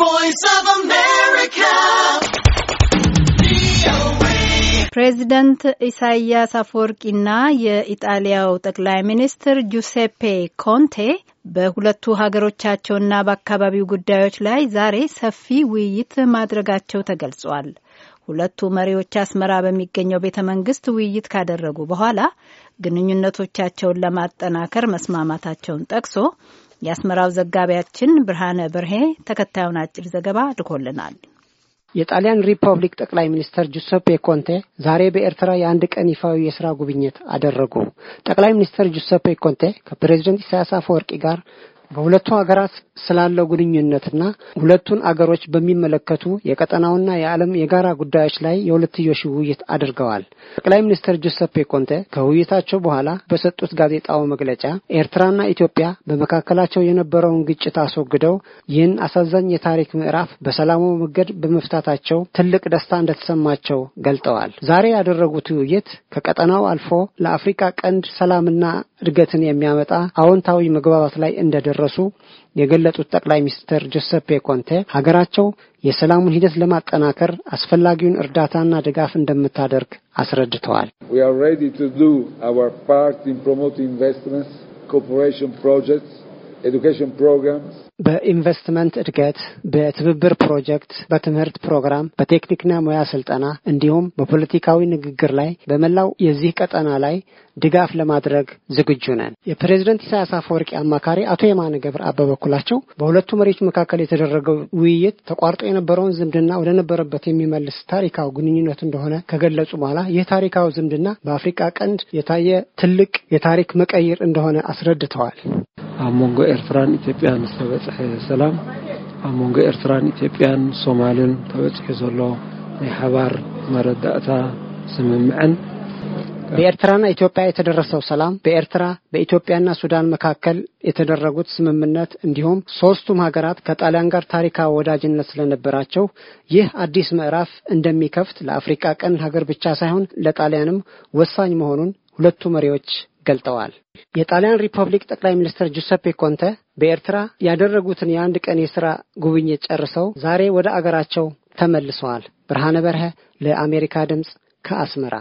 voice of America. ፕሬዚደንት ኢሳያስ አፈወርቂና የኢጣሊያው ጠቅላይ ሚኒስትር ጁሴፔ ኮንቴ በሁለቱ ሀገሮቻቸውና በአካባቢው ጉዳዮች ላይ ዛሬ ሰፊ ውይይት ማድረጋቸው ተገልጿል። ሁለቱ መሪዎች አስመራ በሚገኘው ቤተ መንግስት ውይይት ካደረጉ በኋላ ግንኙነቶቻቸውን ለማጠናከር መስማማታቸውን ጠቅሶ የአስመራው ዘጋቢያችን ብርሃነ በርሄ ተከታዩን አጭር ዘገባ ልኮልናል። የጣሊያን ሪፐብሊክ ጠቅላይ ሚኒስትር ጁሰፔ ኮንቴ ዛሬ በኤርትራ የአንድ ቀን ይፋዊ የስራ ጉብኝት አደረጉ። ጠቅላይ ሚኒስትር ጁሰፔ ኮንቴ ከፕሬዚደንት ኢሳያስ አፈወርቂ ጋር በሁለቱ ሀገራት ስላለው ግንኙነትና ሁለቱን አገሮች በሚመለከቱ የቀጠናውና የዓለም የጋራ ጉዳዮች ላይ የሁለትዮሽ ውይይት አድርገዋል። ጠቅላይ ሚኒስትር ጁሰፔ ኮንቴ ከውይይታቸው በኋላ በሰጡት ጋዜጣዊ መግለጫ ኤርትራና ኢትዮጵያ በመካከላቸው የነበረውን ግጭት አስወግደው ይህን አሳዛኝ የታሪክ ምዕራፍ በሰላማዊ መንገድ በመፍታታቸው ትልቅ ደስታ እንደተሰማቸው ገልጠዋል። ዛሬ ያደረጉት ውይይት ከቀጠናው አልፎ ለአፍሪካ ቀንድ ሰላምና እድገትን የሚያመጣ አዎንታዊ መግባባት ላይ እንደደረሱ የገለጹት ጠቅላይ ሚኒስትር ጆሴፔ ኮንቴ ሀገራቸው የሰላሙን ሂደት ለማጠናከር አስፈላጊውን እርዳታና ድጋፍ እንደምታደርግ አስረድተዋል። We በኢንቨስትመንት እድገት፣ በትብብር ፕሮጀክት፣ በትምህርት ፕሮግራም፣ በቴክኒክና ሙያ ስልጠና እንዲሁም በፖለቲካዊ ንግግር ላይ በመላው የዚህ ቀጠና ላይ ድጋፍ ለማድረግ ዝግጁ ነን። የፕሬዝደንት ኢሳያስ አፈወርቂ አማካሪ አቶ የማነ ገብረአብ በበኩላቸው በሁለቱ መሪዎች መካከል የተደረገው ውይይት ተቋርጦ የነበረውን ዝምድና ወደ ነበረበት የሚመልስ ታሪካዊ ግንኙነት እንደሆነ ከገለጹ በኋላ ይህ ታሪካዊ ዝምድና በአፍሪካ ቀንድ የታየ ትልቅ የታሪክ መቀይር እንደሆነ አስረድተዋል። ኣብ መንጎ ኤርትራን ኢትዮጵያን ዝተበፅሐ ሰላም ኣብ መንጎ ኤርትራን ኢትዮጵያን ሶማልን ተበፅሑ ዘሎ ናይ ሓባር መረዳእታ ስምምዕን በኤርትራና ኢትዮጵያ የተደረሰው ሰላም በኤርትራ በኢትዮጵያና ሱዳን መካከል የተደረጉት ስምምነት እንዲሁም ሶስቱም ሀገራት ከጣሊያን ጋር ታሪካዊ ወዳጅነት ስለነበራቸው ይህ አዲስ ምዕራፍ እንደሚከፍት ለአፍሪካ ቀን ሀገር ብቻ ሳይሆን ለጣሊያንም ወሳኝ መሆኑን ሁለቱ መሪዎች ገልጠዋል። የጣሊያን ሪፐብሊክ ጠቅላይ ሚኒስትር ጁሰፔ ኮንተ በኤርትራ ያደረጉትን የአንድ ቀን የስራ ጉብኝት ጨርሰው ዛሬ ወደ አገራቸው ተመልሰዋል። ብርሃነ በርሀ ለአሜሪካ ድምፅ ከአስመራ